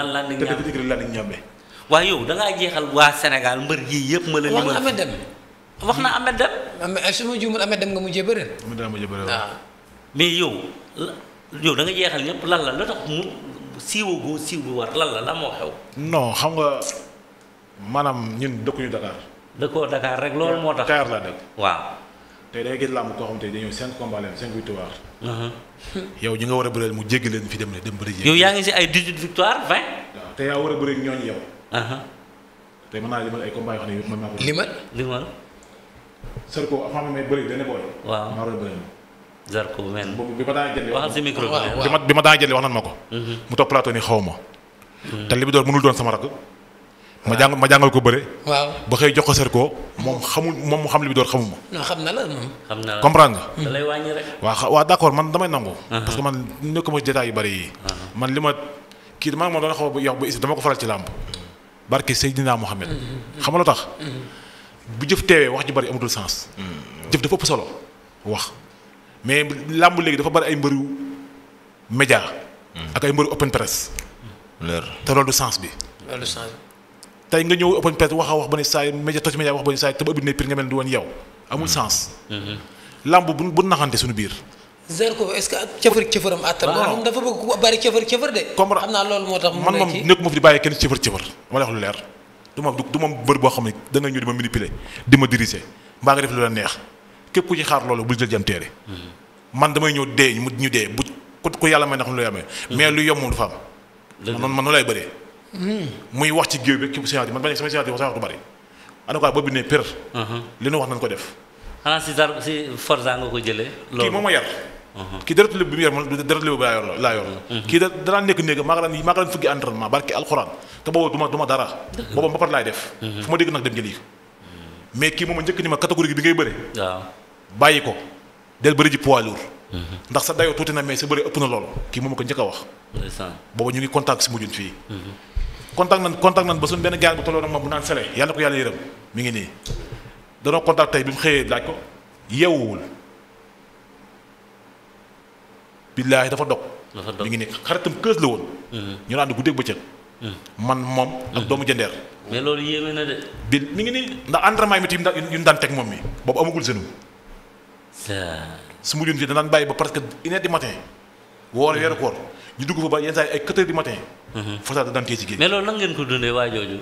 daan Landing Niambé te dëgg waaye yow da ngaa jeexal waa Sénégal mbër yii yëpp ma la. wax na Ahmed Deme wax na Ahmed Deme. Ahmed eh, su ma juumul Ahmed dem nga mujjee bëre. Ahmed Deme mujjee bëre ah. waaw. mais yow yow da nga jeexal ñëpp lan la la tax mu siiwoo goo siiw bi war lan la la moo xew. non xam nga maanaam ñun dëkkuñu Dakar. dëkkoo Dakar rek loolu moo tax. Dakar laa dëkk waaw. tey day gis làmb koo xam te dañoo cinq combats leen cinq victoire. Uh-huh. yow ñi nga war a bëreel mu jéggi leen fi dem ne dem bëri jéeg. yow yaa ngi si ay dix-huit victoire vingt. waaw te war a bëri ñooñu yow. Uh-huh. tey mën naa ay combats yoo xam ne yëpp mën naa ko. ma may bëri benn booy. waaw a bëri moom. Zarko men boobu bi ma daan jëlee. waxal bi ma daan jëlee wax nan ma ko. Uh-huh. mu topp plateau ni xaw ma. te li bi doon mënul doon sama rakk. ma jàng ma jàngal ko bëre. waaw ba xëy jox ko ser ko moom xamul moom mu xam li bi doon xamuma. non xam na la moom. na la comprendre nga. waa lay wàññi rek. man damay nangu. parce que man nekkuma jotaay yu bëri yi. man li ma kii maa ngi ma doon xaw a yox bu is dama ko faral ci làmb. barke Seydina Mohamed. Mhm. xam nga lu tax. Mhm. bu jëf teewee wax ji bëri amatul sens. Mhm. jëf dafa ëpp solo wax mais làmb léegi dafa bëri ay mbëru média. ak ay mbëru open press. leer te bi. loolu sens bi. tey nga ñëw open press wax a wax ba ne saay média toj média wax ba ne saay te ba ëbbi nga mel ni du woon yow. amul mm-hmm. sens. Mm-hmm. lamb bu bu naxante suñu biir. Zarko est-ce que ak cëfër dafa bëgg bari cëfër cëfër de. comprendre xam naa loolu moo tax. man moom nekk ma fi di bàyyi kenn cëfër cëfër dama wax lu leer du ma du ma bër boo xam ne da nga ñëw di ma manipuler di ma diriger mbaa nga def lu la neex képp ku ci xaar loolu bu jël janteere mm-hmm. man damay ñëw dee mu ñu dee bu ko yàlla may na xam lu yàlla mais lu yomb du fa am man noonu lay bëree muy wax ci géew bi ki séance bi man ba nekk sama séance bi wax du bari en tout cas ne per uh-huh. li nu wax nañ ko def xanaa si dar si forza ko jëlee loolu kii moom ma yar uh-huh. kii deret lépp bi mu yar man deret lépp laa yor laa uh-huh. kii da danaa nekk néeg maa ngi daan maa ngi daan fuggi entraînement barke alxuraan te boobu duma duma dara boobu mbapat laay def fu ma dégg nag dem jëli mais kii moom ma njëkk ni ma catégorie bi ngay bëre waaw bàyyi ko del bëri ji poids lourd ndax sa dayoo tuuti na mais sa bëri ëpp na loolu kii moom ma ko njëkk a wax boobu ñu ngi contact contact nan contact nan ba suñu benn gaar bu tolloo nag moom bu naan sele yàlla ko yàlla yërëm mi ngi nii danoo contact tey bi mu xëyee laaj ko yeewuwul billaahi dafa dog mi ngi nii xaritam kër la woon mhm. ñu naan guddeeg bëccëg mhm. man moom ak mhm. doomu jëndeer mais loolu yéeme na mi ngi nii ndax entraînement yi tamit yu ñu daan teg moom mi boobu amagul seenum su mujjoon fii danaan bàyyi ba parce que heure di matin woor weeru koor ñu dugg fa ba yenn saa yi ay quatre heures matin faussaat da daan téye ci géej. mais loolu ngeen ko dundee waa jooju.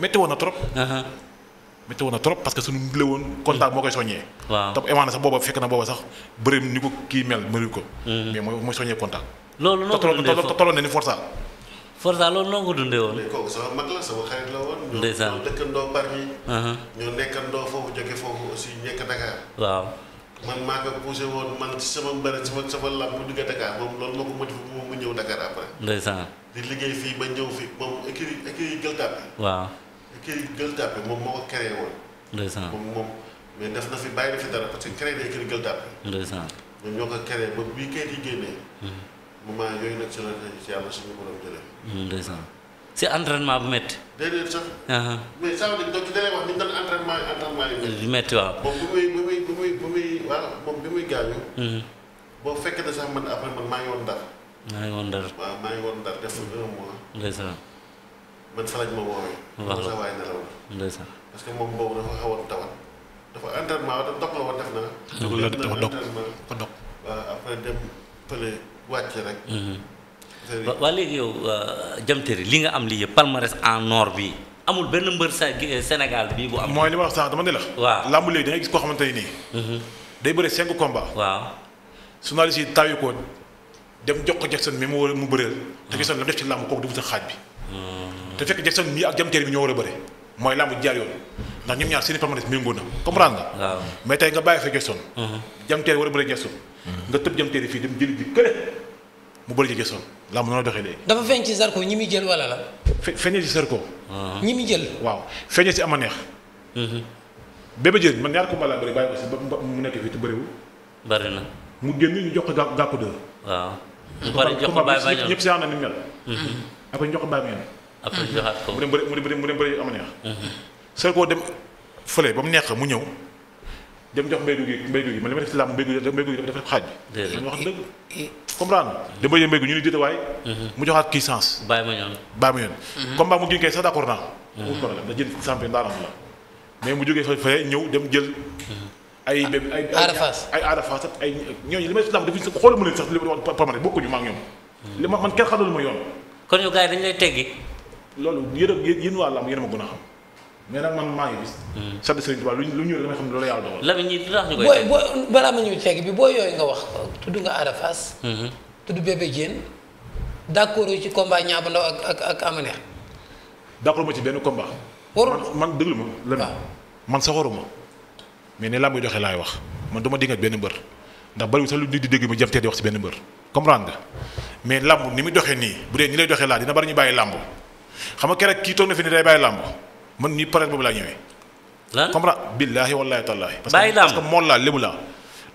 métti woon na trop. Uh-huh. métti na trop parce que suñu mbile woon contact moo koy soññee. waaw te amaana sax booba fekk na booba sax bëri ni ko kii mel mënu ko. Mm-hmm. mais mooy mooy soññee contact. loolu noo ko dundee foofu uh-huh. foofu jóge nekk Dakar. waaw. man maa ko poussé woon man ci sama mbëre sama sama làmb bu dugg Dakar moom loolu moo ko motivé moom mu ñëw Dakar après. ndeysaan. di liggéey fii ba ñëw fii moom écurie écurie Gueule Tapée bi. waaw écurie Gueule Tapée bi moom moo ko créé woon. ndeysaan moom moom mais def na fi bàyyi na fi dara parce que créé na écurie Gueule Tapée bi. ndeysaan ñoom ñoo ko créé ba bii kayit yi génnee. Hmm. moment yooyu nag ci la ci yàlla suñu borom jëlee. Hmm, ndeysaan si entraînement bu métti. déedéet sax. mais saa wu ne donc ci da lay wax ni ñu doon entraînement entraînement yu métti. métti waaw moom bu muy bu muy gaañu. Mhm. boo fekkee ne sax man après man maa ngi woon Ndar. maa ngi woon Ndar waaw def fa un que moom boobu dafa xawoon tawat dafa entraînement dafa dog la woon def na. dog mhm. euh, li nga am lii yëpp palmarès en bi amul benn mbër sa Sénégal bi bu mooy li ma sax dama ne la. waaw làmb léegi da gis koo xamante nii. Mhm. day bëre cinq combats. waaw journaliste yi taayu ko dem jox ko Jackson mi mu war mu bëreel. te mm. Jackson la def ci làmb kooku dugg sa xaaj bi. Mm. te fekk Jackson mii ak jamteer bi ñoo war a bëre mooy làmb jaar yoon ndax ñoom ñaar seen i permanence méngoo na comprendre nga. waaw mais tey nga bàyyi fa Jackson. Mm-hmm. jamteer war a bëre Jackson. Mm-hmm. nga tëb jamteer fii dem jëli bi kële mu bëri ci Jackson làmb noonu doxee léegi. dafa feeñ ci Zarko ñi muy jël wala la. fe feeñee ci Zarko. Mm-hmm. ñi Bébé Diène man ñaar combat laa bëri bàyyi mu nekk fii te bëriwul. bëri na mu génn jox ko gàpp dër. waaw. mu ñëpp si ànd ni mel. Mhm. après ñu jox ko bàyyi mu yem. après ñu joxaat ko mu dem bëri mu dem bëri mhm. ba mu neex mu ñëw dem jox mbéy gu gi mbéy ma def si làmb mbéy gu gi mbéy gu gi dafa xaaj bi. dëgg la wax dëgg comprendre ba yee mbéy gu ñu ne déeta waay. Mhm. mu joxaat sens. bàyyi ma ñoon bàyyi ma ñoon. combat mu génn kay sax d'accord naa. amul problème da jënd champion daanam la mais mu jóge fa fee ñëw dem jël. ay ah, ay aarafaas ay aarafaas ak ay ñooñu li may islam dafa xool ma leen sax li ma wax pamare bokkuñu ma ak hmm. ma yoon. kon ñu gars yi dañu lay teggi. loolu yéen a yéen waa lamb yéen a ma gën a xam mais nag man maa ngi sa sàbbi Sëriñ Tuubaa lu ñu lu ñu damay xam ne loolu yàlla dogal. Lamine ñii du tax ñu koy booy booy balaa ma ñuy teggi bi booy yooyu nga wax tudd nga aarafaas. Hmm. tudd bébé Diène d'accord ci combat ñaaba ndaw ak ak ak Amanex. d'accord ma ci benn combat warul man déglu ma lan ah. man sa waruma mais ni laa muy doxee laay wax man du ma dingat benn mbër ndax bariwul sax lu nit di dégg ma jëm tee di wax ci benn mbër comprendre nga mais làmb ni muy doxee nii bu dee ni lay doxe laa dina bari ñu bàyyi làmb xam nga keroog kii toog na fi ne day bàyyi làmb man ñi peut-être boobu laa ñëwee. lan comprendre billaahi wallaahi tallaahi. bàyyi làmb parce parce que mool laa lébu laa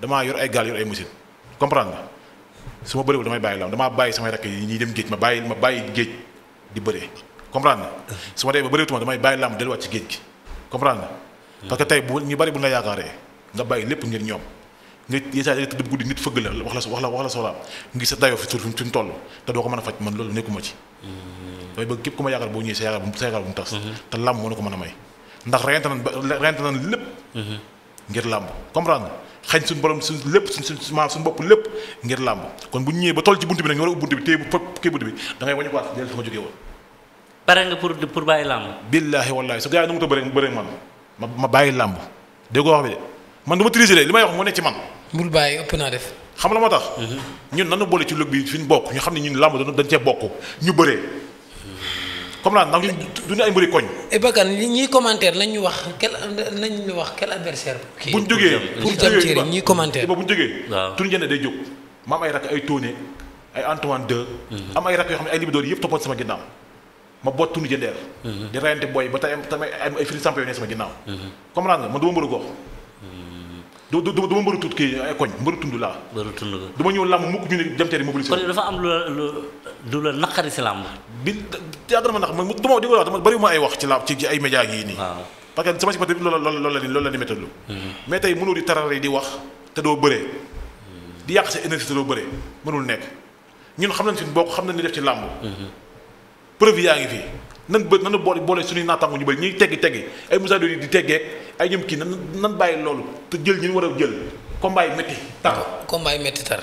damaa yor ay gaal yor ay machine comprendre nga su ma bëriwul damay bàyyi làmb damaa bàyyi samay rakk yi ñuy dem géej ma bàyyi ma bàyyi géej di bëree comprendre nga su ma dee ba bëreetuma damay bàyyi làmb delluwaat ci géej gi comprendre parce que tey bu ñu bari bu la yaakaaree nga bàyyi lépp ngir ñoom nga yeesaa da guddi nit fëgg la wax la wax ngir sa a yaakaar bu mu tas te làmb moo na ko mën a may ndax reyante nañ reyante nañ lépp ngir làmb comprendre xañ suñu borom suñ lépp suñ suñ maam suñu bopp lépp ngir làmb kon bu ñu ñëwee ba toll ci bunt bi nag ñu war a bunt bi téye bu kéy bunt bi da wañu waat pare nga pour pour bàyyi làmb. billaahi wallaahi su gars yi nu mu tëb bëri bëri man ma bàyyi làmb déggoo wax bi de man du ma li may wax moo nekk ci man. bul bàyyi ëpp naa def. xam mhm. la moo tax. ñun nanu boole ci lug bi fi ñu bokk ñu xam ne ñun làmb dañ cee bokk ñu bëree. comme naan ndax du ñu ay mbëri koñ. et eh, Bakane li ñuy commentaire lañ ñu wax quel lañ ñu wax quel adversaire. kii bu ñu jógee pour jam ci ñuy commentaire. bu ñu jógee. waaw day jóg. ma am ay rakk ay Toné ay mhm. am ay rakk yoo xam ne ay libidoor yëpp toppoon sama ginnaaw ma boot tund jëndeer di reyante booy ba tey tamit ay firi samp yoo ne sama ginnaaw comprendre nga man du ma mbëru gox du du du ma mbëru tuut kii koñ mbëru tund laa mbëru ma ñëw làmb mukk ñu ne dem teel mobilisation kon dafa am lu la lu la naqari si làmb bi yàgg ma nax ma du ma di ko wax dama ay wax ci làmb ci média yi nii parce que sama si loolu la loolu la ni loolu la ni métadlu mais tey mënoo di tarare di wax te doo bëree di yàq sa énergie te doo bëree mënul nekk ñun xam nañ suñu bokk xam nañ ni def ci làmb preuve yaa ngi fii nan bë nanu boole boole suñuy naataango ñu bëri ñuy teggi teggi ay Moussa Ndoye di teggeeg ay ñoom kii nan nan bàyyi loolu te jël ñu war a jël combat yi métti tar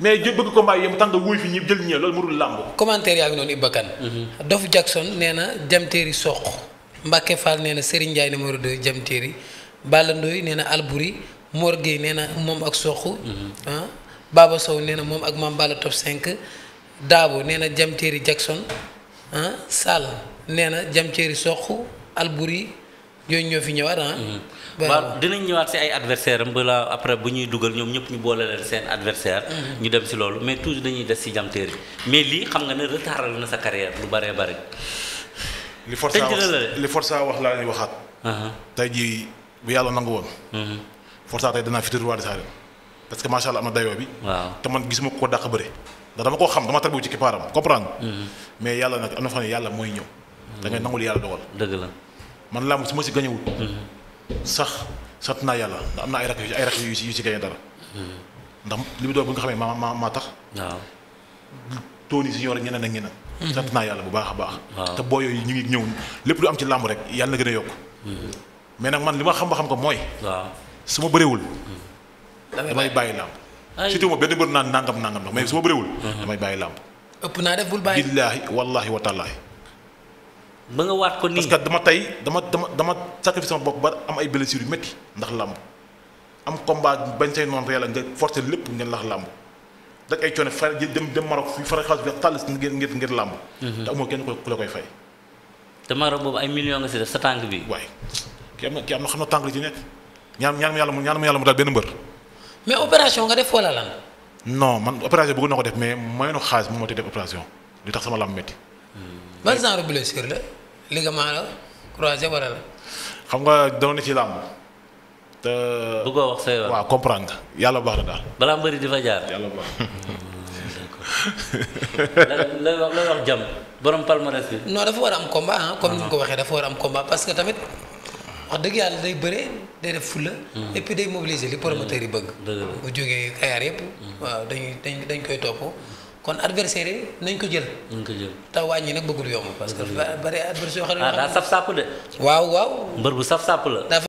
mais jël bëgg combat yi yem tant que wuy fi ñi jël ñee loolu mënul làmb commentaire yaa ngi noonu Iba Kane mhm. Dof Jackson nee na jamteeri sox Mbacke Fall nee na Serigne Ndiaye numéro 2 jamteeri Balla Ndoye nee na Albouri Mor Gueye nee na moom ak soq mhm. ah. Baba Sow nee na moom ak Mame Balla top 5 Daabo nee na jamteeri Jackson ah Sall nee na jam soq Albouri yooyu ñoo fi ñëwaat ah. waaw dinañ ñëwaat si ay adversaire am balaa après bu ñuy dugal ñoom ñëpp ñu boole leen seen adversaire mhm. ñu dem si loolu mais toujours dañuy des si jamteer yi mais lii xam nga ne retardal na sa carrière lu bëree bëri. li Forza wax li Forza wax laa ñuy waxaat. Uh-huh. tey ji bu yàlla nangu woon. Uh-huh. Forza tey danaa fi roi des arènes parce que macha allah am na bi. waaw te man gisuma ko dàq bëri. ndax dama koo xam dama tarbiwu ci kippaaram comprendre mhm. mais yàlla nag am na fa ne yàlla mooy ñëw da ngay nangul yàlla dogal dëgg la man làmb su ma si gañewul mhm. sax sant naa yàlla ndax am na ay rak ay rak yu si yu si gañe dara mhm. ndax li mu doon bu nga xamee maa maa maa tax waaw tooni si ñoo ñeneen ak ñeneen sant naa yàlla bu baax a baax te boo yooyu ñu ngi ñëw lépp lu am ci làmb rek yàlla na gën a yokk mais nag man li ma xam ba xam ko mooy su ma bëriwul damay bàyyi làmb surtout ma benn bër naan nangam nangam nag mais su ma bëriwul. Mhm. damay bàyyi làmb. ëpp naa def bul bàyyi. billaahi wallaahi wa taalaahi. ba nga waat ko nii. parce que dama tey dama dama dama sacrifice sama bopp ba am ay blessures yu métti ndax làmb am combat bañ say noonu yàlla nga forcer lépp ngeen lax làmb dak ay coono far dem dem Maroc fi faral xaalis bi tàll ngir ngir ngir làmb. Mhm. te amoo kenn ku la koy fay. te Maroc boobu ay millions nga si def sa tànk bi. waaye ki am na ki am na xam na tànk la ci nekk ñaan ñaan ma yàlla mu ñaan ma yàlla mu daal benn mbër. mais opération nga def wala lan. non man opération bëgg na ko def mais mayenu xaalis moom moo tax def opération li tax sama lam métti. Hmm. ban genre blessure la ligament ma croisé wala la. xam nga doon na ci làmb. te bëggoo nga yàlla baax na daal. balaa mbëri di fa jaar yàlla baax. Hmm, lay wax lay wax jàmm borom palmarès bi. dafa war am combat ah, comme ni ko waxee dafa war am combat parce que tamit. wax dëgg yàlla day bëre day def fulla hmm. et puis day mobiliser li promoteurs yi bëgg bu jógee Kayaar yëpp hmm. waaw dañuy dañ dañ koy topp kon adversaire nañ ko jël nañ ko nag bëggul yomb parce que adversaire yoo ah, daa saf sàpp de waaw waaw mbër bu saf sàpp la